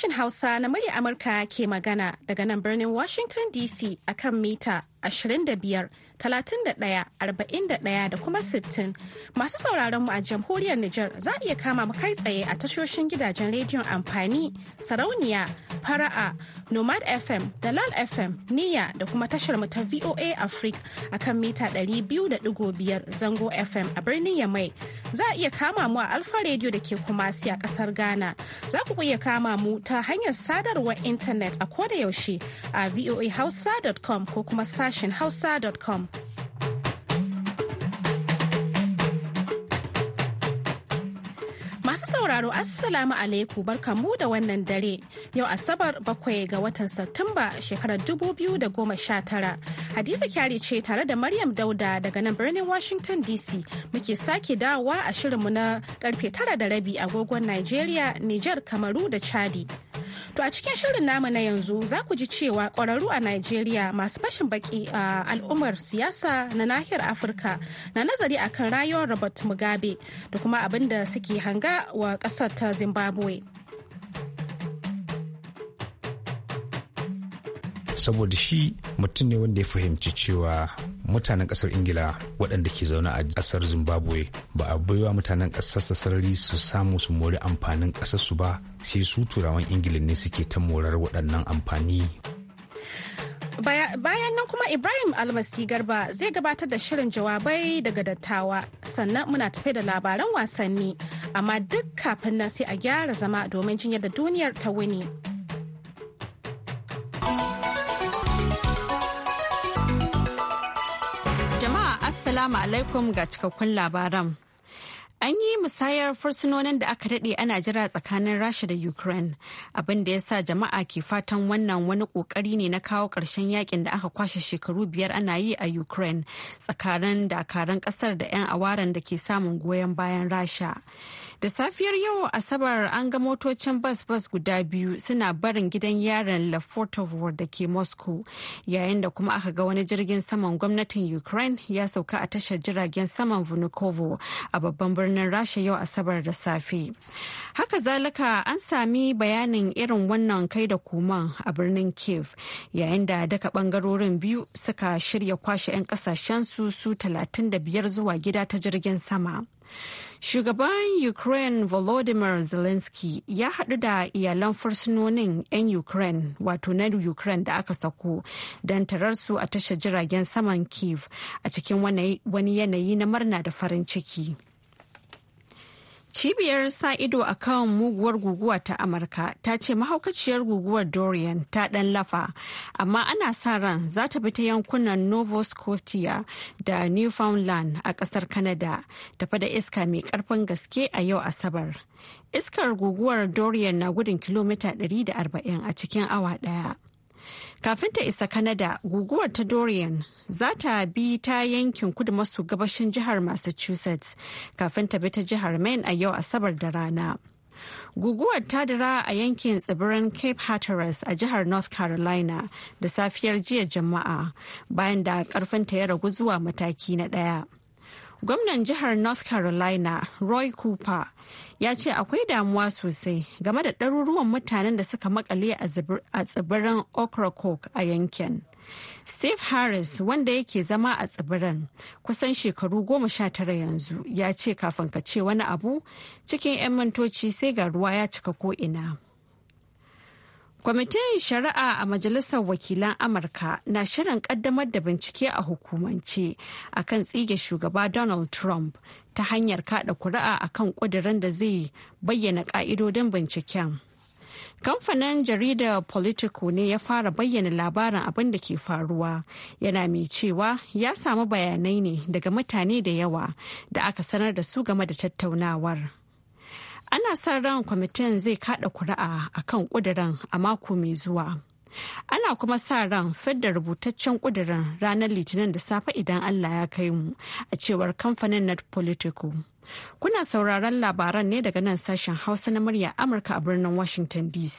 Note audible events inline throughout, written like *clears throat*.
sashen Hausa na murya Amurka ke magana daga nan birnin Washington DC akan mita da kuma 60. Masu sauraron mu a jamhuriyar Nijar za a iya kama mu kai tsaye a tashoshin gidajen rediyon amfani, sarauniya, fara'a, Nomad FM, Dalal FM, niya da kuma tashar mu ta VOA Africa a kan mita 200.5 zango FM a birnin Yamai. Za a iya kama mu a Alfa Radio da ke Kumasi a kasar Ghana. Za ku iya kama mu ta hanyar sadarwar intanet a koda yaushe a voahausa.com ko kuma sa sashen hausa.com. Masu sauraro Assalamu alaikum barkanmu da wannan dare yau Asabar bakwai ga watan Satumba shekarar 2019. Hadiza kyari ce tare da Maryam Dauda daga nan birnin Washington DC muke sake dawowa a shirinmu na karfe tara da rabi agogon Nigeria, Niger, Kamaru da Chadi. To a cikin shirin namu na yanzu za ku ji cewa ƙwararru a Najeriya masu fashin baki a al'ummar siyasa na nahiyar Afirka na nazari akan rayuwar Robert Mugabe da kuma abin da suke hanga wa ƙasar ta Zimbabwe. saboda shi mutum ne wanda ya fahimci cewa mutanen kasar ingila waɗanda ke zaune a kasar zimbabwe ba a baiwa mutanen kasar sarari su samu su mori amfanin kasar ba sai su turawan ingila ne suke ta morar waɗannan amfani bayan nan kuma ibrahim almasi garba zai gabatar da shirin jawabai daga dattawa sannan muna tafe da labaran wasanni amma duk kafin nan sai a gyara zama domin jinyar da duniyar ta wuni. Assalamu alaikum ga cikakkun labaran. An yi musayar fursunonin da aka daɗe ana jira tsakanin Rasha da Ukraine, abin da ya sa jama'a ke fatan wannan wani ƙoƙari ne na kawo ƙarshen yakin da aka kwashe shekaru biyar ana yi a Ukraine tsakanin dakaran ƙasar da 'yan awaran da ke samun goyon bayan Rasha. Da safiyar yau Asabar an ga motocin bas-bas guda biyu suna barin gidan yaron lafotovo da ke Moscow yayin da kuma aka ga wani jirgin saman gwamnatin Ukraine ya sauka a tashar jiragen saman vunukovo a babban birnin Rasha yau Asabar da safe. Haka zalika an sami bayanin irin wannan kai da koman a birnin Kiev yayin da daka bangarorin biyu suka shirya kwashe 'yan kasashen su su 35 zuwa gida ta jirgin sama. Shugaban Ukraine Volodymyr Zelensky ya haɗu da iyalan fursunonin 'yan Ukraine wato na Ukraine da aka sako don tararsu a tashar jiragen saman Kiev a cikin wani yanayi na murna da farin ciki. Cibiyar sa ido a kan muguwar guguwa ta Amurka ta ce mahaukaciyar guguwar Dorian ta ɗan lafa, amma ana sa ran za ta bi ta yankunan Nova Scotia da Newfoundland a ƙasar Canada, tafi da iska mai ƙarfin gaske a yau Asabar. Iskar guguwar Dorian na gudun kilomita 140 a cikin awa ɗaya. Kafin ta isa kanada guguwar ta Dorian za ta bi ta yankin kudu maso gabashin jihar Massachusetts kafin ta bi ta jihar Maine a yau Asabar da rana. Guguwar ta dira a yankin tsibirin Cape Hatteras a jihar North Carolina da safiyar jiya jama'a bayan da karfinta ya ragu zuwa mataki na ɗaya. gwamnan jihar north carolina roy cooper ya ce akwai damuwa sosai game da ɗaruruwan mutanen da suka makale a tsibirin ocracoke a yankin steve harris wanda yake zama a tsibirin kusan shekaru goma sha tara yanzu ya ce kafin ka ce wani abu cikin 'yan mintoci sai ga ruwa ya cika ko'ina Kwamitin Shari'a a Majalisar Wakilan Amurka na shirin ƙaddamar da bincike a hukumance a kan tsige shugaba Donald Trump ta hanyar kada kuri'a kan kudirin da zai bayyana ƙa'idodin binciken. Kamfanin jarida Politico ne ya fara bayyana labarin abin da ke faruwa yana mai cewa ya samu bayanai ne daga mutane da yawa da aka sanar da su game da tattaunawar. ana son ran kwamitin zai kada kuri'a a kan kudirin a mako mai zuwa ana kuma sa ran fidda rubutaccen kudirin ranar litinin da safe idan allah ya kai mu a cewar kamfanin net politico kuna sauraron labaran ne daga nan sashen hausa na murya amurka a birnin washington dc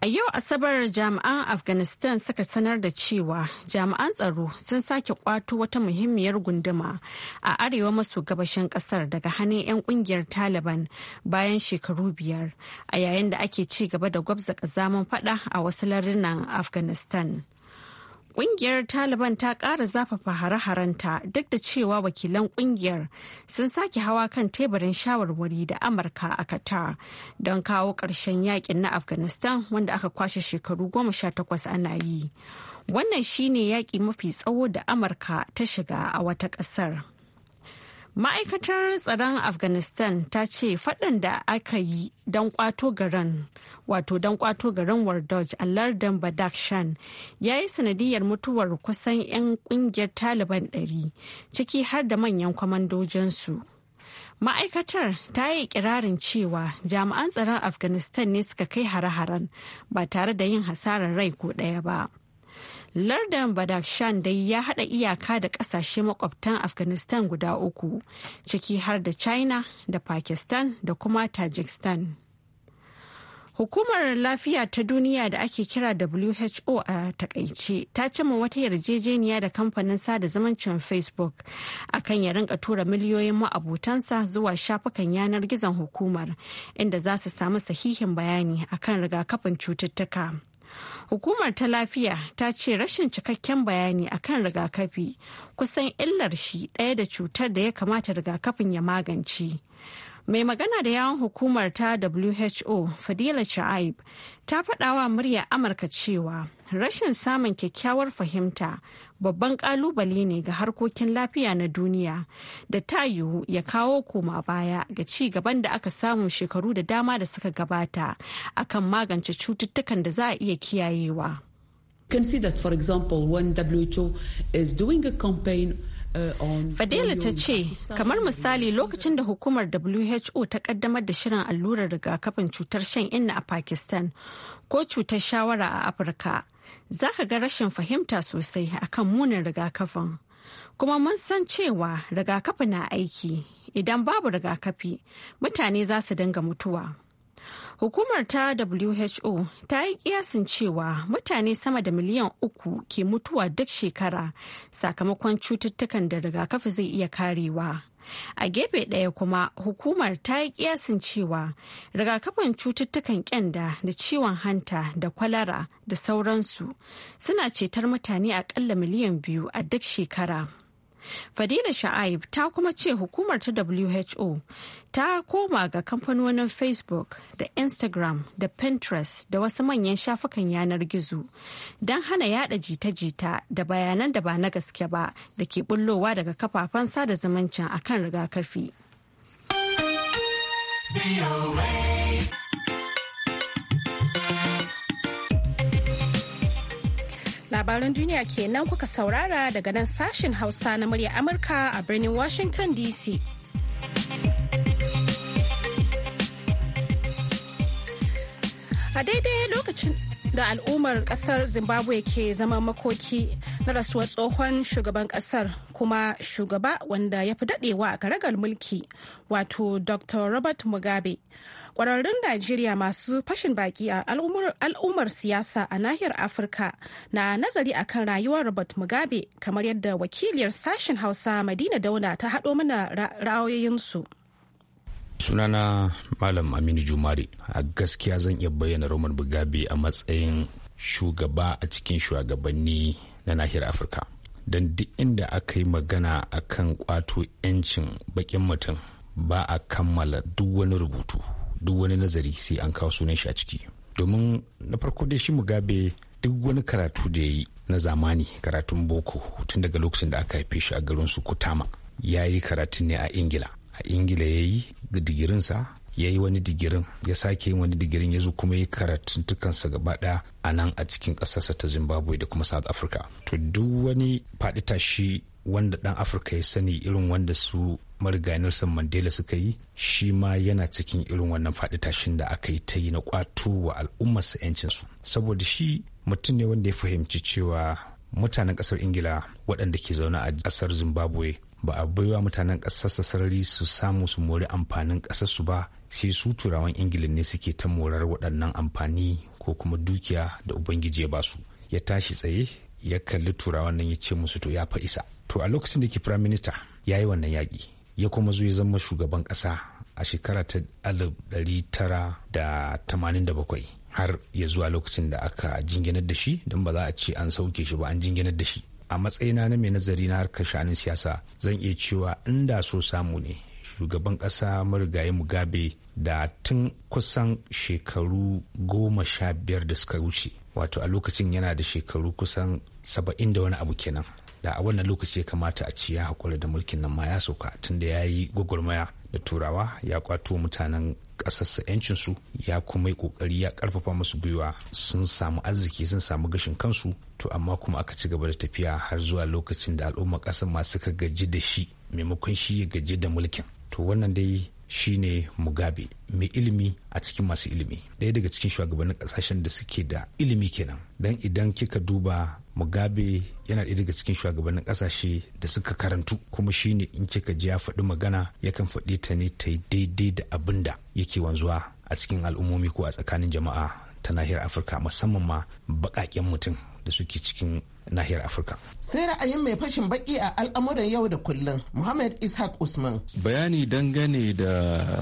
A yau Asabar jami'an Afghanistan suka sanar da cewa jami'an tsaro sun sake kwato wata muhimmiyar gunduma a arewa maso gabashin kasar daga hannun 'yan kungiyar Taliban bayan shekaru biyar a yayin da ake ci gaba da gwabza kazaman fada a wasu lardunan Afghanistan. Kungiyar Taliban ta ƙara zafafa hare-harenta duk da cewa wakilan kungiyar sun sake hawa kan teburin shawarwari da Amurka a Qatar don kawo ƙarshen yakin na Afghanistan wanda aka kwashe shekaru goma sha takwas ana yi. Wannan shine yaƙi mafi tsawo da Amurka ta shiga a wata ƙasar. ma'aikatar tsaron afghanistan ta ce faɗin da aka yi don kwato garin wato don kwato garin wardoj a lardin badakhshan ya yi sanadiyar mutuwar kusan 'yan ƙungiyar taliban 100 ciki har da manyan kwamandojinsu ma'aikatar ta yi kirarin cewa jami'an tsaron afghanistan ne suka kai hare-haren ba tare da yin hasarar rai ko ɗaya ba lardin badakshan dai ya hada iyaka da kasashe makwabtan Afghanistan guda uku, ciki har da China da Pakistan da kuma Tajikistan. Hukumar lafiya ta duniya da ake kira WHO a takaice ta cimma wata yarjejeniya da kamfanin sada zumuncin Facebook akan ya rinka tura miliyoyin ma'abutansa zuwa shafukan yanar gizon hukumar inda za su samu sahihin bayani akan rigakafin cututtuka. Hukumar ta lafiya ta ce rashin cikakken bayani akan rigakafi kusan illar shi ɗaya da cutar da ya kamata rigakafin ya magance. Mai magana da yawon hukumar ta WHO Fadila Sha'aib ta faɗawa murya Amurka cewa rashin samun kyakkyawar fahimta babban ƙalubale ne ga harkokin lafiya na duniya da ta yiwu ya kawo koma baya ga ci gaban da aka samu shekaru da dama da suka gabata akan magance cututtukan da za a iya kiyayewa. can see that, for example, when WHO is doing a Fadela ta ce, kamar misali lokacin da hukumar WHO ta kaddamar da shirin allurar rigakafin cutar shan inna a Pakistan ko cutar shawara a Afirka, za ka ga rashin fahimta sosai akan munin rigakafin. Kuma mun san cewa rigakafi na aiki, idan babu rigakafi mutane za su dinga mutuwa. Hukumar ta WHO ta yi kiyasin cewa mutane sama da miliyan uku ke mutuwa duk shekara sakamakon cututtukan da rigakafi zai iya karewa. A gefe ɗaya kuma hukumar ta yi kiyasin cewa rigakafin cututtukan kyanda da ciwon hanta da kwalara da sauransu suna cetar mutane akalla miliyan biyu a duk shekara. Fadila Sha'aib ta kuma ce hukumar ta WHO ta koma ga kamfanonin Facebook da Instagram da Pinterest da wasu manyan shafukan yanar gizo don hana yada jita-jita da bayanan da ba na gaske ba da ke bullowa daga kafafen sada zumuncin akan rigakafi. labaran duniya kenan kuka saurara daga nan sashen Hausa na murya Amurka a birnin Washington DC. A daidai lokacin da al'ummar kasar Zimbabwe ke zama makoki na rasuwar tsohon shugaban kasar kuma shugaba wanda ya fi dadewa a karagar mulki wato Dr. Robert Mugabe. kwararrun najeriya masu fashin baki a al'ummar siyasa a nahiyar afirka na nazari akan rayuwar robert mugabe kamar yadda wakiliyar sashen hausa madina dauna ta haɗo mana ra'ayoyinsu sunana malam aminu jumari a gaskiya zan iya bayyana roman mugabe a matsayin shugaba a cikin shugabanni na nahiyar afirka don duk inda aka yi magana akan kwato 'yancin baƙin mutum ba a kammala duk wani rubutu duk wani nazari sai an kawo sunan shi a ciki domin na farko dai shi mugabe duk wani karatu da ya yi na zamani karatun boko tun daga lokacin da aka haife shi a garin su kutama ya yi karatun ne a ingila a ingila ya yi digirinsa ya yi wani digirin ya sake yin wani digirin ya zo kuma ya karatun tukansa gaba ɗaya a nan a cikin ƙasarsa ta zimbabwe da kuma south africa to duk wani faɗi tashi wanda ɗan afirka ya sani irin wanda su marigayi nelson mandela suka yi shi ma yana cikin irin wannan faɗi tashin da aka yi ta yi na kwato wa al'ummarsa su saboda shi mutum ne wanda ya fahimci cewa mutanen ƙasar ingila waɗanda ke zaune a ƙasar zimbabwe ba a baiwa mutanen ƙasarsa sarari su samu su mori amfanin ƙasarsu ba sai su turawan ingila ne suke ta morar waɗannan amfani ko kuma dukiya da ubangiji ya basu ya tashi tsaye ya kalli turawan nan ya ce musu to ya fa isa to a lokacin da ke firayim minista ya yi wannan yaƙi ya kuma zo ya zama shugaban ƙasa a shekara ta 1987 har ya zuwa lokacin da aka jinginar da shi don ba za a ce an sauke shi ba an jinginar da shi a matsayina na mai nazari na harkar shanun siyasa zan iya cewa inda so samu ne shugaban ƙasa marigayi mugabe da tun kusan shekaru goma sha biyar da suka wuce wato a lokacin yana da shekaru kusan saba'in da wani abu kenan da a wannan lokaci ya kamata a ciya hakuri da mulkin nan ma ya sauka tunda ya yi gwagwarmaya da turawa ya kwato mutanen ƙasarsa 'yancinsu ya kuma yi ƙoƙari ya ƙarfafa musu gwiwa sun samu arziki sun samu gashin kansu to amma kuma aka ci gaba da tafiya har zuwa lokacin da al'ummar ƙasar ma suka gaji da shi maimakon shi ya gaji da mulkin to wannan dai shine mugabe mai ilimi a cikin masu ilimi ɗaya daga cikin shugabannin ƙasashen da suke da ilimi kenan don idan kika duba mugabe yana ɗaya daga cikin shugabannin ƙasashe da suka karantu kuma shine in kika ji ya faɗi magana yakan faɗi ta ne ta daidai da abin da yake wanzuwa a cikin al'ummomi ko a tsakanin jama'a ta nahiyar afirka musamman ma baƙaƙen mutum da suke cikin nahiyar afirka sai ra'ayin mai fashin baki a al'amuran yau da kullum muhammad ishaq usman bayani dangane da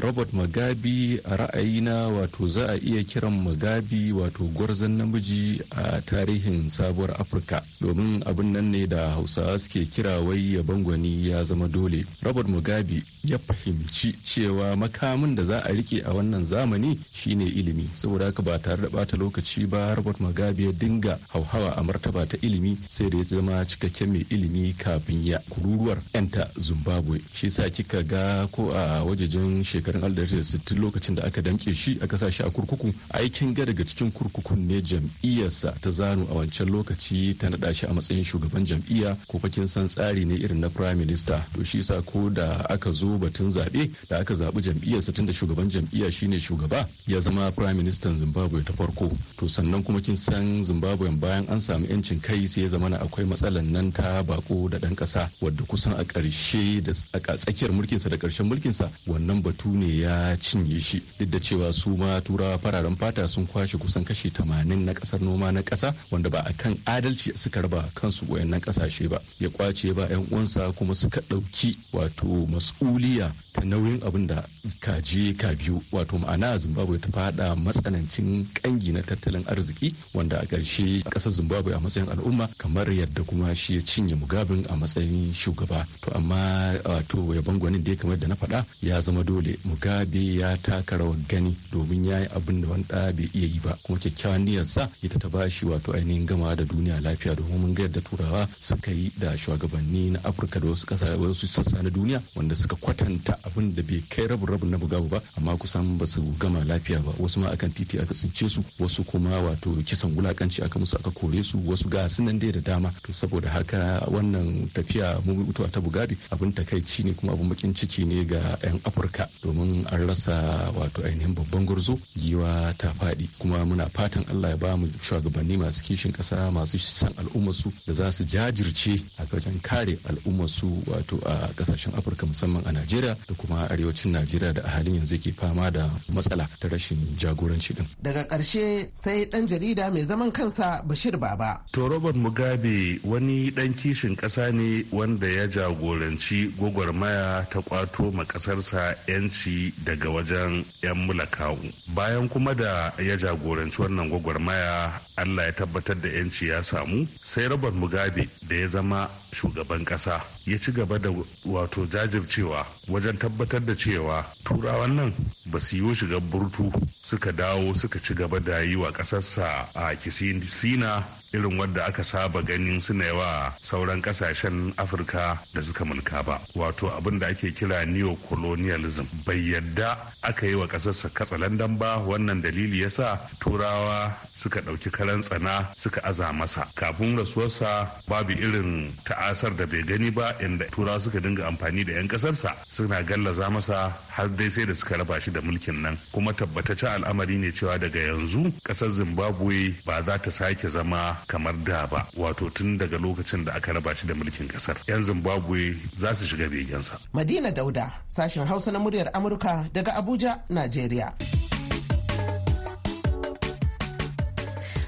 robert Magabi a ra'ayina wato za a iya kiran Magabi wato gwarzon namiji a tarihin sabuwar afirka domin abin nan ne da hausawa suke kira wai ya bangwani ya zama dole robert Magabi ya fahimci cewa makamin da za a rike a wannan zamani shine ilimi saboda haka ba tare da bata lokaci ba robert Magabi ya dinga hauhawa a martaba ta ilimi sai da ya zama cikakke mai ilimi kafin ya kururuwar yanta zimbabwe shi sa kika ga ko a wajejen shekarun 1960 lokacin da aka damke shi aka sa shi a kurkuku aikin ga daga cikin kurkukun ne jam'iyyarsa ta zanu a wancan lokaci ta naɗa shi a matsayin shugaban jam'iyya ko fakin san tsari ne irin na prime minister to shi sa ko da aka zo batun zaɓe da aka zaɓi jam'iyyarsa tunda shugaban jam'iyya shine shugaba ya zama prime minister zimbabwe ta farko to sannan kuma kin san zimbabwe bayan an samu yancin kai sai ya zama na akwai matsalan nan ta bako da ɗan ƙasa wadda kusan a ƙarshe da tsakiyar mulkinsa da ƙarshen mulkinsa wannan batu ne ya cinye shi duk da cewa su ma turawa fararen fata sun kwashe kusan kashi tamanin na ƙasar noma na ƙasa wanda ba a kan adalci suka raba kansu wayannan ƙasashe ba ya kwace ba 'yan uwansa kuma suka ɗauki wato mas'uliya ta nauyin abin da ka je ka biyu wato ma'ana zimbabwe ta fada matsanancin kangi na tattalin arziki wanda a ƙarshe ƙasar zimbabwe a matsayin al'umma kamar yadda kuma shi ya cinye mugabin a matsayin shugaba to amma wato yabon gwanin da ya kamar da na faɗa ya zama dole mugabe ya taka rawar gani domin ya yi abin da wanda bai iya yi ba kuma kyakkyawan sa ita ta bashi wato ainihin gama da duniya lafiya domin mun ga yadda turawa suka yi da shugabanni na afirka da wasu wasu sassa na duniya wanda suka kwatanta abin da bai kai rabu rabu na bugabu ba amma kusan ba su gama lafiya ba wasu ma akan titi aka tsince su wasu kuma wato kisan wulakanci aka musu aka kore su wasu ga sunan dai da dama to saboda haka wannan tafiya mutuwa ta bugari abin takaici ne kuma abin bakin ciki ne ga 'yan afirka domin an rasa wato ainihin babban gwarzo giwa ta faɗi kuma muna fatan allah ya ba mu shugabanni masu kishin ƙasa masu san al'ummarsu da za su jajirce a wajen kare al'ummarsu wato a ƙasashen afirka musamman a najeriya da kuma arewacin najeriya da a halin yanzu ke fama da matsala ta rashin jagoranci din daga ƙarshe sai ɗan jarida mai zaman kansa bashir baba to robert mugabe wani ɗan kishin ƙasa ne wanda ya jagoranci gwagwarmaya ta kwato ma ƙasarsa 'yanci daga wajen 'yan mulakawu bayan kuma da ya jagoranci wannan gwagwarmaya allah ya tabbatar da yanci ya samu sai robert mugabe da ya zama shugaban ƙasa. ya ci gaba da wato jajircewa wajen tabbatar da cewa turawan nan ba su yi shiga burtu suka dawo suka ci gaba da yi wa ƙasarsa a kisina irin wadda aka saba ganin suna yawa sauran ƙasashen afirka da suka mulka ba wato abin da ake kira neo-colonialism bai yadda aka yi wa ƙasarsa katsalandan ba wannan dalili sa turawa suka ɗauki karan tsana suka aza masa kafin rasuwarsa babu irin ta'asar da bai gani ba inda turawa suka dinga amfani da 'yan ƙasarsa suna gallaza masa har dai sai da suka raba shi da mulkin nan kuma tabbatace al'amari ne cewa daga yanzu kasar zimbabwe ba za ta sake zama kamar da ba wato tun daga lokacin da aka raba shi da mulkin kasar yan zimbabwe za su shiga begensa madina dauda sashen hausa na muryar amurka daga abuja nigeria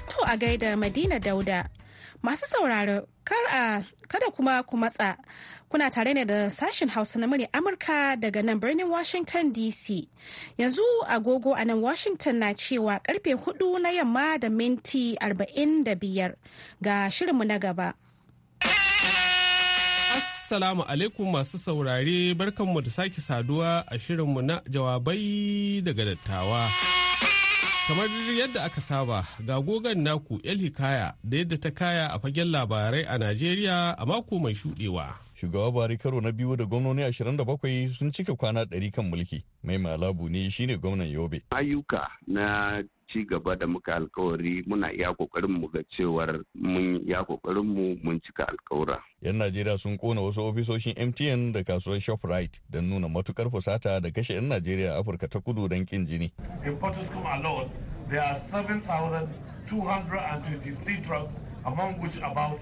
to a gaida madina dauda masu sauraro kar a kada kuma ku matsa Kuna tare ne da sashen Hausa na murya Amurka daga nan birnin Washington DC. Yanzu agogo a nan Washington na cewa karfe hudu na yamma da minti 45 ga shirinmu na gaba. Assalamu alaikum masu saurare barkanmu da sake saduwa a shirinmu na jawabai daga dattawa. Kamar yadda aka saba ga gogon naku El Hikaya da yadda ta kaya a fagen labarai a Najeriya a mako mai shuɗewa. shugaba bari karo na biyu da gwamnoni 27 sun cika kwana 100 kan mulki mai malabu ne shine gwamnan yobe ayyuka na ci gaba da muka alkawari muna iya kokarin mu ga cewar mun iya kokarin mu mun cika alkawura. Yan Najeriya sun kona wasu ofisoshin MTN da kasuwar Shoprite don nuna matukar fusata da kashe 'yan Najeriya Afirka ta kudu don kin jini. In Potoskum alone, there are 7,223 drugs among which about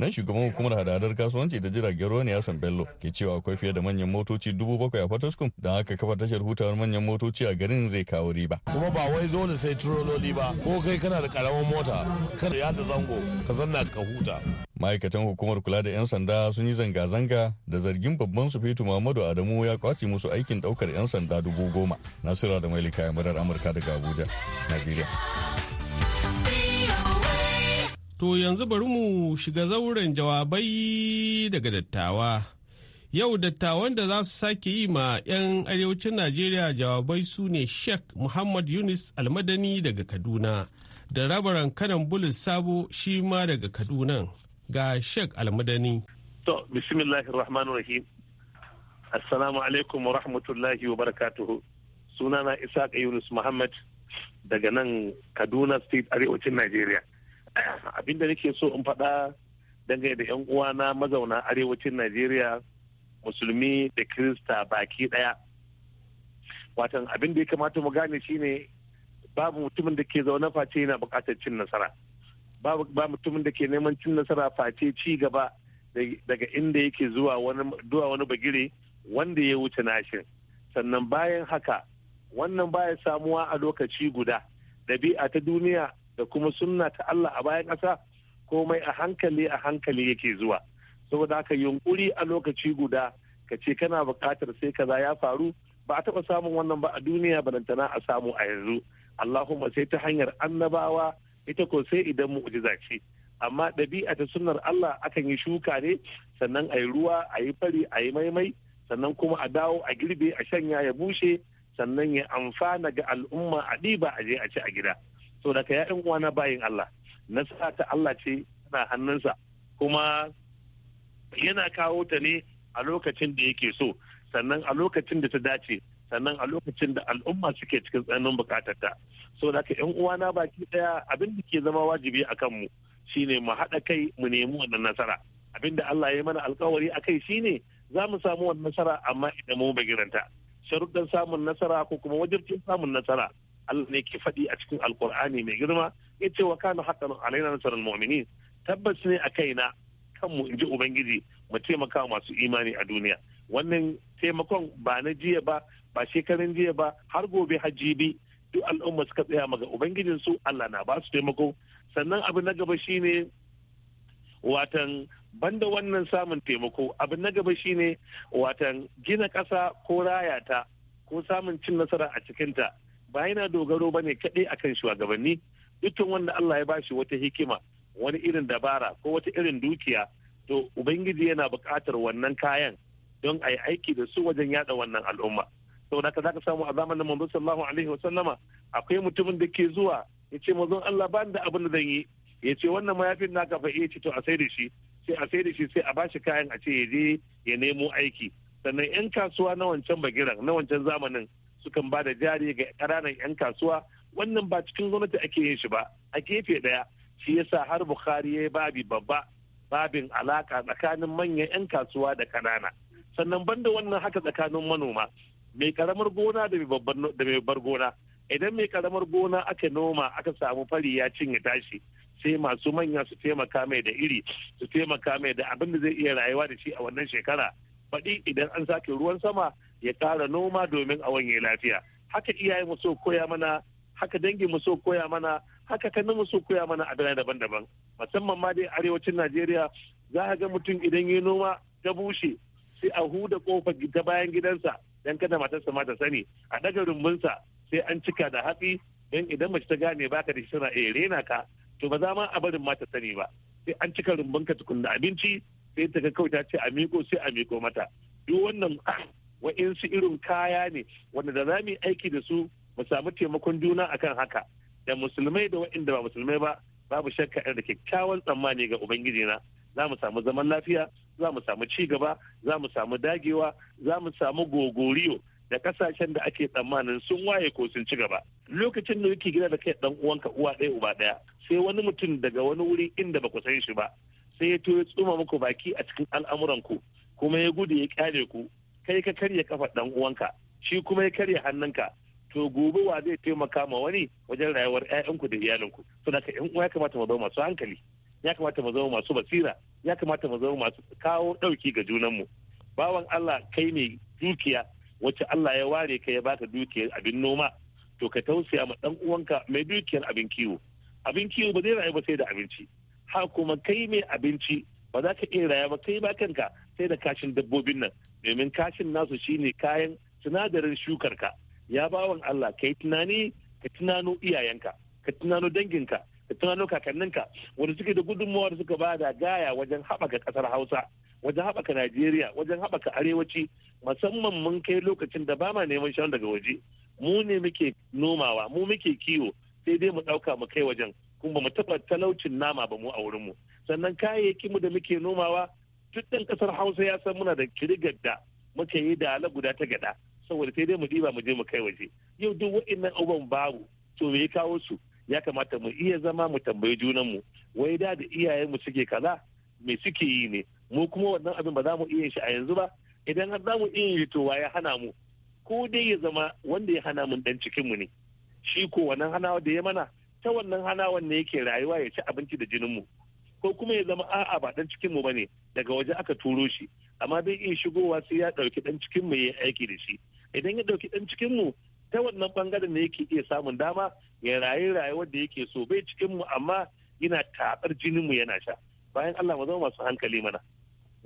nan shugaban hukumar hadadar kasuwanci da jiragen ruwa ne Hassan Bello ke cewa akwai fiye da manyan motoci dubu bakwai a Fataskum don haka kafa tashar hutawar manyan motoci a garin zai kawo riba. Kuma ba wai zo da sai turololi ba ko kai kana da karamin mota kada ya da zango ka zanna ka huta. Ma'aikatan hukumar kula da 'yan sanda sun yi zanga-zanga da zargin babban su Fetu Muhammadu Adamu ya kwace musu aikin daukar 'yan sanda dubu goma. Nasira da Mailika murar Amurka daga Abuja, nigeria. To yanzu bari mu shiga zauren jawabai daga dattawa. Yau dattawan da za su sake yi ma 'yan arewacin Najeriya jawabai su ne Sheikh Muhammad Yunus Almadani daga Kaduna, da rabaran kanan bulin sabo shi ma daga Kaduna ga Sheikh Almadani. To, bismillahir rahim. Assalamu alaikum wa rahmatullahi wa barakatuhu. Sunana Isaac Yunus Muhammad daga nan Kaduna State arewacin Najeriya. *clears throat* abinda nake so in faɗa dangane da 'yan uwana mazauna arewacin najeriya musulmi da krista baki ɗaya watan abinda ya kamata mu gane shine babu mutumin da ke zaune face yana buƙatar cin nasara ba mutumin da ke neman cin nasara face ci gaba daga inda yake zuwa wani wani bagire wanda ya wuce nashin sannan bayan haka wannan baya samuwa a lokaci guda ɗabi'a ta duniya da kuma sunna ta Allah a bayan ƙasa komai a hankali a hankali yake zuwa saboda haka yunkuri a lokaci guda ka ce kana buƙatar sai kaza ya faru ba a taɓa samun wannan ba a duniya balantana a samu a yanzu Allahumma sai ta hanyar annabawa ita ko sai idan mu'jiza ce amma ɗabi'a ta sunnar Allah akan yi shuka ne sannan a yi ruwa a yi fari a yi maimai sannan kuma a dawo a girbe a shanya ya bushe sannan ya amfana ga al'umma a ɗiba a je a ci a gida so daga ya yan uwana bayin Allah nasara ta Allah ce na hannunsa kuma yana kawo ta ne a lokacin da yake so sannan a lokacin da ta dace sannan a lokacin da al'umma suke cikin tsananin ta so da ka yan uwana baki daya abin da ke zama wajibi a kanmu shine mu haɗa kai mu nemi wannan nasara abin da Allah ya mana alkawari a kai shine za mu samu wannan nasara amma idan mu bagiranta sharuɗan samun nasara ko kuma wajibcin samun nasara Allah ne ke faɗi a cikin Alƙur'ani mai girma ya ce wa kana haqqan alaina nasrul mu'minin tabbas ne a kaina kanmu in ji ubangiji mu taimaka masu imani a duniya wannan taimakon ba na jiya ba ba shekarun jiya ba har gobe hajji bi duk al'umma suka tsaya maga ubangijin su Allah na ba su taimako sannan abu na gaba shine watan banda wannan samun taimako abu na gaba shine watan gina ƙasa ko raya ta ko samun cin nasara a cikinta ba yana dogaro ba ne kaɗai kan shugabanni dukkan wanda Allah ya bashi wata hikima wani irin dabara ko wata irin dukiya to ubangiji yana buƙatar wannan kayan don a yi aiki da su wajen yada wannan al'umma saboda haka zaka samu a zamanin manzo sallallahu alaihi wasallama akwai mutumin da ke zuwa ya ce mazon Allah bani da abin da zan yi ya ce wannan mayafin naka fa iya eh, ce to a sai da shi sai a sai shi sai a bashi kayan a ce ya je ya nemo aiki sannan 'yan kasuwa na wancan bagiran na wancan zamanin sukan ba da jari ga ƙananan 'yan kasuwa wannan ba cikin gwamnati ake yin shi ba a gefe ɗaya shi yasa har bukhari ya yi babi babba babin alaka tsakanin manyan 'yan kasuwa da ƙanana sannan banda wannan haka tsakanin manoma mai karamar gona da mai bar gona idan mai karamar gona aka noma aka samu fari ya cinye tashi sai masu manya su taimaka mai da iri su taimaka mai da abin da zai iya rayuwa da shi a wannan shekara baɗi idan an sake ruwan sama ya kara noma domin a wanye lafiya haka iyaye mu so koya mana haka dangi mu so koya mana haka kanin mu so koya mana a birane daban-daban musamman ma dai arewacin Najeriya za a ga mutum idan ya noma ta bushe sai a huda kofar ta bayan gidansa dan kada matarsa ma ta sani a daga rumbunsa sai an cika da hatsi dan idan mace ta gane baka da shi tana rena ka to ba za ma a barin ma ta sani ba sai an cika rumbunka tukun da abinci sai ta ga kawai ta ce a miko sai a miko mata duk wannan wa'insu irin kaya ne wanda da za mu yi aiki da su mu samu taimakon juna akan haka da musulmai da waɗanda ba musulmai ba babu shakka da kyakkyawan tsammani ga ubangiji na za mu samu zaman lafiya za mu samu ci gaba za mu samu dagewa za mu samu gogoriyo da kasashen da ake tsammanin sun waye ko sun ci gaba lokacin da yake gida da kai dan uwanka uwa ɗaya uba ɗaya sai wani mutum daga wani wuri inda ba ku san shi ba sai ya to tsuma muku baki a cikin al'amuranku kuma ya gudu ya kyale ku kai ka karya kafa dan uwanka shi kuma ya karya hannunka to gobe wa zai taimaka ma wani wajen rayuwar ƴaƴanku da iyalinku so da yan uwa ya kamata mu zama masu hankali ya kamata mu zama masu basira ya kamata mu zama masu kawo ɗauki ga junanmu bawan Allah kai ne dukiya wacce Allah ya ware ka ya baka dukiyar abin noma to ka tausaya ma dan uwanka mai dukiyar abin kiwo abin kiwo ba zai rayu ba sai da abinci ha kuma kai mai abinci ba za ka iya rayuwa ba kai ba kanka sai da kashin dabbobin nan domin kashin nasu shine kayan sinadarin shukar ka ya bawan Allah kai tunani ka tunano iyayenka ka tunano danginka ka tunano kakanninka wanda suke da gudunmawa da suka da gaya wajen haɓaka ƙasar Hausa wajen haɓaka Najeriya wajen haɓaka arewaci musamman mun kai lokacin da ba ma neman shan daga waje mu ne muke nomawa mu muke kiwo sai dai mu ɗauka mu kai wajen kuma mu taɓa talaucin nama ba mu a wurinmu sannan kayayyakin mu da muke nomawa duk ɗan ƙasar hausa ya san muna da kirigar da muka yi da ala guda ta gada saboda sai dai mu diba mu je mu kai waje yau duk wa'annan abubuwan babu to me ya kawo su ya kamata mu iya zama mu tambayi junanmu wai da da iyayenmu suke kaza me suke yi ne mu kuma wannan abin ba za mu iya shi a yanzu ba idan har za mu iya yi to ya hana mu ko dai ya zama wanda ya hana mun dan cikin mu ne shi ko wannan hanawa da ya mana ta wannan hanawan ne yake rayuwa ya ci abinci da jinin mu ko kuma ya zama a'a ba dan cikin mu bane daga waje aka turo shi amma bai iya shigowa sai ya dauki dan cikin mu yayi aiki da shi idan ya dauki dan cikin mu ta wannan bangaren ne yake iya samun dama ya rayu rayuwar da yake so bai cikin mu amma yana tabar jinin mu yana sha bayan Allah mu zama masu hankali mana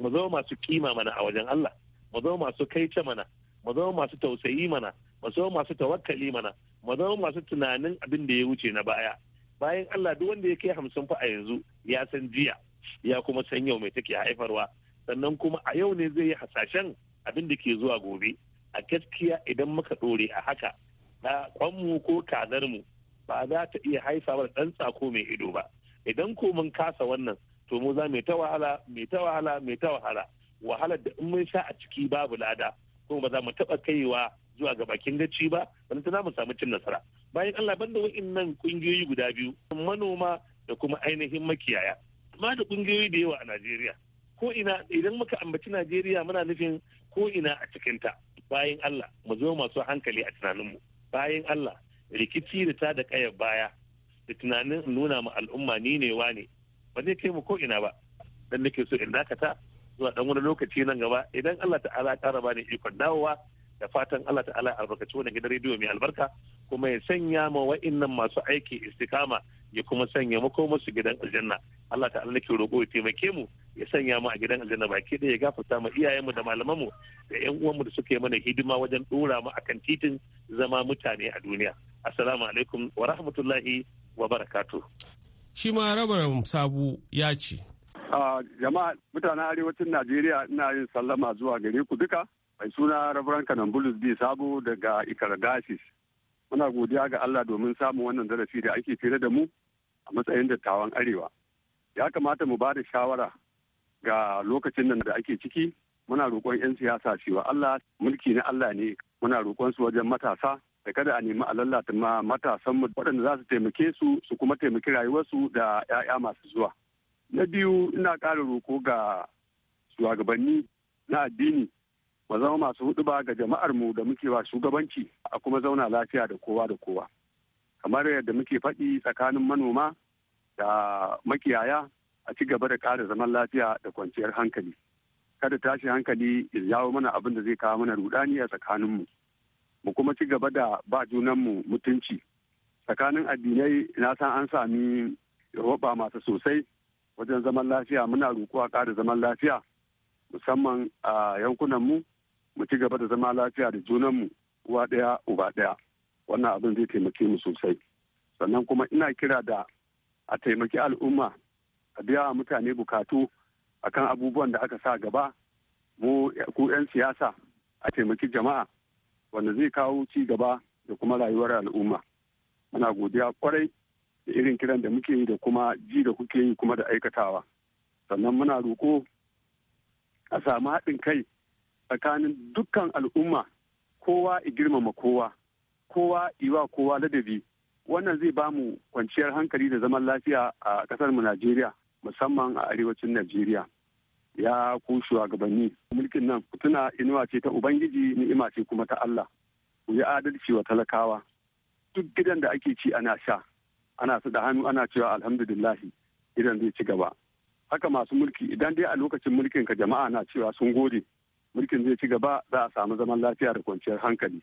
mu zama masu kima mana a wajen Allah mu zama masu kaice mana mu zama masu tausayi mana mu zama masu tawakkali mana mu zama masu tunanin abin da ya wuce na baya bayan Allah duk wanda ya kai hamsin fa a yanzu ya san jiya ya kuma san yau mai take haifarwa sannan kuma a yau ne zai yi hasashen abin da ke zuwa gobe a gaskiya idan muka dore a haka na kwanmu ko mu ba za ta iya haifawa dan tsako mai ido ba idan ko mun kasa wannan to mu za mai ta wahala mai ta wahala mai ta wahala wahalar da in mun sha a ciki babu lada ko ba za mu taɓa kaiwa zuwa ga bakin gaci ba wani za mu samu cin nasara bayan Allah banda wa'innan kungiyoyi guda biyu manoma da kuma ainihin makiyaya ma da kungiyoyi da yawa a Najeriya ko ina idan muka ambaci Najeriya muna nufin ko ina a cikin ta bayan Allah mu zo masu hankali a tunaninmu bayan Allah rikici da ta da kayar baya da tunanin nuna ma al'umma ni ne wa ba zai kai mu ko ina ba dan nake so in dakata zuwa dan wani lokaci nan gaba idan Allah ta'ala ta raba ni ikon dawowa da fatan Allah ta'ala ya albarkaci wannan gidan rediyo mai albarka kuma ya sanya ma wa'innan masu aiki istikama ya kuma sanya mako musu gidan aljanna Allah ta'ala nake roƙo ya taimake mu ya sanya mu a gidan aljanna baki ɗaya ya gafarta mu iyayenmu da malamanmu da ƴan uwanmu da suke mana hidima wajen ɗora mu akan titin zama mutane a duniya assalamu alaikum wa rahmatullahi wa barakatu shi ma rabaram sabu ya ce ah, jama'a mutanen arewacin najeriya ina yin sallama zuwa gare ku duka mai suna rabaran Kanan Bulus bi Sabo daga Ikara Muna godiya ga Allah domin samun wannan darasi da ake fira da mu a matsayin dattawan Arewa. Ya kamata mu ba da shawara ga lokacin nan da ake ciki muna roƙon 'yan siyasa cewa Allah mulki na Allah ne muna roƙon su wajen matasa da kada a nemi a lallata ma matasan mu waɗanda za su taimake su su kuma taimaki rayuwarsu da 'ya'ya masu zuwa. Na biyu ina ƙara roƙo ga shugabanni na addini mu zama masu hudu ba ga jama'ar mu da muke wa shugabanci a kuma zauna lafiya da kowa da kowa kamar yadda muke faɗi tsakanin manoma da makiyaya a ci gaba da ƙara zaman lafiya da kwanciyar hankali kada tashi hankali ya mana abin da zai kawo mana rudani a tsakaninmu mu mu kuma ci gaba da ba junan mu mutunci tsakanin addinai na san an sami roba masu sosai wajen zaman lafiya muna roƙo a ƙara zaman lafiya musamman a yankunanmu mu ci gaba da zama lafiya da junanmu uwa ɗaya uba ɗaya wannan abin zai taimake mu sosai sannan kuma ina kira da a taimaki al'umma a biya wa mutane bukatu akan abubuwan da aka sa gaba mu ku 'yan siyasa a taimaki jama'a wanda zai kawo ci gaba da kuma rayuwar al'umma muna godiya kwarai da irin kiran da muke yi da kuma ji da kuke yi kuma da aikatawa sannan muna roko a samu haɗin kai tsakanin dukkan al'umma kowa i girmama kowa kowa iwa kowa ladabi wannan zai ba mu kwanciyar hankali da zaman lafiya a kasar mu Najeriya musamman a arewacin Najeriya ya ku shugabanni mulkin nan tuna inuwa ce ta ubangiji ni'ima ce kuma ta Allah ku yi adalci wa talakawa duk gidan da ake ci ana sha ana su da hannu ana cewa alhamdulillahi gidan zai ci gaba haka masu mulki idan dai a lokacin mulkin ka jama'a na cewa sun gode mulkin zai ci gaba za a samu zaman lafiya da kwanciyar hankali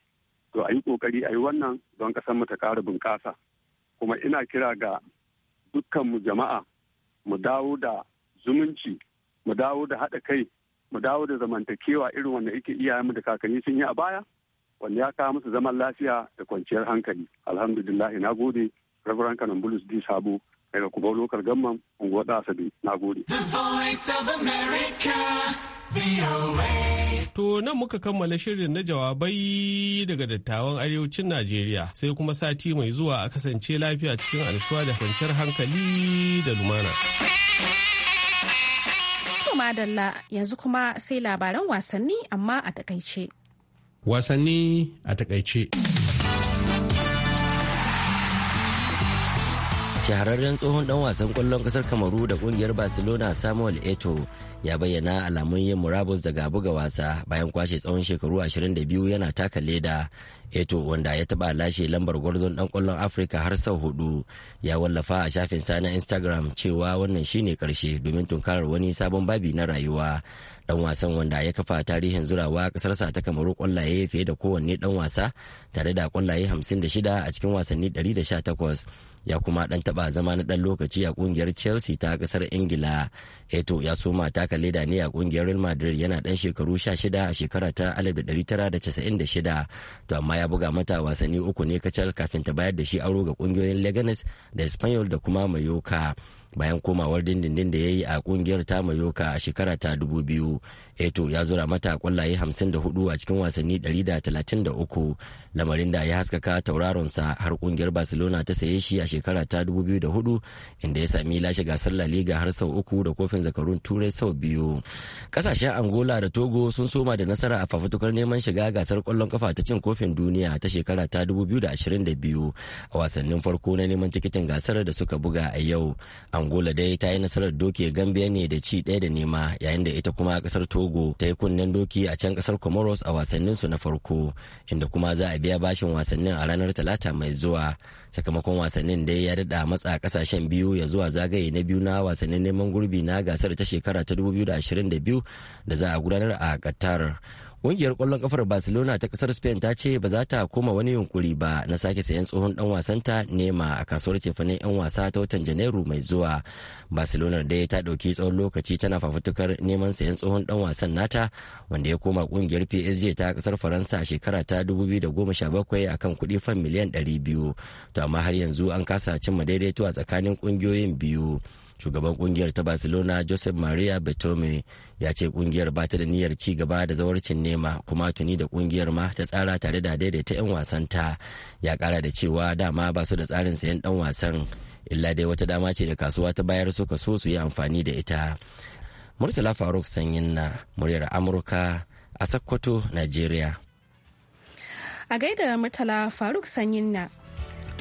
to a yi kokari a yi wannan don kasan mu ta ƙara bunƙasa kuma ina kira ga dukkan mu jama'a mu dawo da zumunci mu dawo da haɗa kai mu dawo da zamantakewa irin wanda yake mu da kakanni sun yi a baya wanda ya kawo musu zaman lafiya da kwanciyar hankali alhamdulillah na gode reverend kanan bulus di sabo daga kuma lokar gamman unguwar da asabi na gode. To nan muka kammala shirin na jawabai daga dattawan arewacin Najeriya sai kuma sati mai zuwa a kasance lafiya cikin alishuwa da kwanciyar hankali da lumana. To madalla yanzu kuma sai labaran wasanni amma a takaice. Wasanni a takaice. shahararren tsohon dan wasan kwallon kasar kamaru da kungiyar barcelona samuel eto ya bayyana alamun yin murabus daga buga wasa bayan kwashe tsawon shekaru 22 yana taka leda Heto eh wanda ya taba lashe lambar gwarzon dan kwallon Afirka har sau hudu ya wallafa a shafin sa na Instagram cewa wannan shine karshe domin tunkarar wani sabon babi na rayuwa. Dan wasan wanda ya kafa tarihin zurawa kasarsa ta kamaru kwallaye fiye da kowanne dan wasa tare da kwallaye 56 a cikin wasanni 118 ya kuma dan taba zama na dan lokaci a kungiyar Chelsea ta kasar Ingila. Heto eh ya soma taka leda ne a kungiyar Real Madrid yana dan shekaru 16 a shekara ta 1996 to amma ya buga mata wasanni uku ne kacal kafin ta bayar da shi aro ga kungiyoyin leganes da espanyol da kuma mayoka bayan komawar dindindin da ya yi a kungiyar ta mayoka a shekara ta 2000 eto ya zura mata kwallaye hudu a cikin wasanni da da talatin uku, lamarin da ya haskaka tauraronsa har kungiyar barcelona ta saye shi a shekara ta hudu, inda ya sami lashe gasar la liga har sau uku da kofin zakarun turai sau biyu kasashen angola da togo sun soma da nasara a fafutukar neman shiga gasar kwallon kafa ta cin kofin duniya ta shekara ta biyu, a wasannin farko na neman tikitin gasar da suka buga a yau angola dai ta yi nasarar doki gambia ne da ci ɗaya da nema yayin da ita kuma kasar togo ta yi kunnen doki a can kasar comoros a wasannin su na farko inda kuma za a biya bashin wasannin a ranar talata mai zuwa sakamakon wasannin dai ya daɗa matsa kasashen biyu ya zuwa zagaye na biyu na wasannin neman gurbi na gasar ta shekara ta 2022 da za a gudanar a qatar Ƙungiyar kwallon ƙafar Barcelona ta kasar Spain ta ce ba za ta koma wani yunkuri ba na sake sayan tsohon ɗan wasanta Nema a kasuwar cefanen 'yan wasa ta watan Janairu mai zuwa. Barcelona dai ta ɗauki tsawon lokaci tana fafutukar neman sayan tsohon ɗan wasan nata wanda ya koma kungiyar PSG ta kasar Faransa a shekara ta 2017 akan kuɗi fan miliyan 200. To amma har yanzu an kasa cimma daidaito a tsakanin ƙungiyoyin biyu. shugaban kungiyar ta barcelona joseph maria betome ya ce kungiyar ba ta da niyyar ci gaba da zawarcin nema kuma tuni da kungiyar ma ta tsara tare da daidaita 'yan wasan ta ya kara da cewa dama ba su da tsarin sayan dan wasan illa dai wata dama ce da kasuwa ta bayar suka so su yi amfani da ita murtala faruk sanyin na muryar amurka a sakkwato nigeria a gaida murtala faruk sanyin na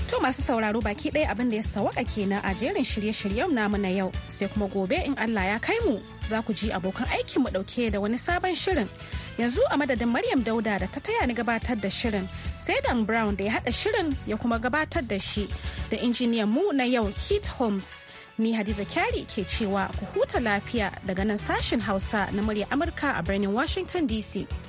To masu sauraro baki ɗaya abin da ya sawaka kenan a jerin shirye-shiryen namu na yau sai kuma gobe in Allah ya kai mu za ku ji abokan aikin mu ɗauke da wani sabon shirin. Yanzu a madadin Maryam Dauda da ta taya ni gabatar da shirin sai Dan Brown da ya haɗa shirin ya kuma gabatar da shi da injiniyan mu na yau Keith Holmes. Ni Hadiza Kyari ke cewa ku huta lafiya daga nan sashin Hausa na murya Amurka a birnin Washington DC.